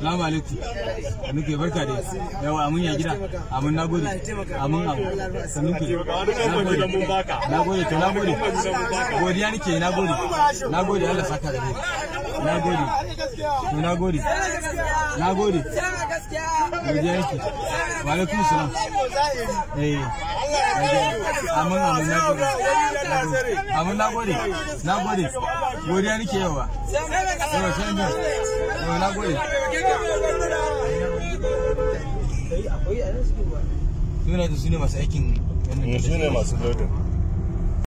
Salamu alaikum. Nuke barka dai. Yawa amin ya gida. Amin na gode. Amin abu. Sannu ke. Na gode to na gode. Godiya nake na gode. Na gode Allah saka da ni. Na gode. To na gode. Na gode. Godiya nake. Wa alaikum salam. Eh. Amin amin na gode. Amin na gode. Na gode. Godiya nake yawa. Yawa sai na gode. Suna da su ne masu aikin. Su masu lodin.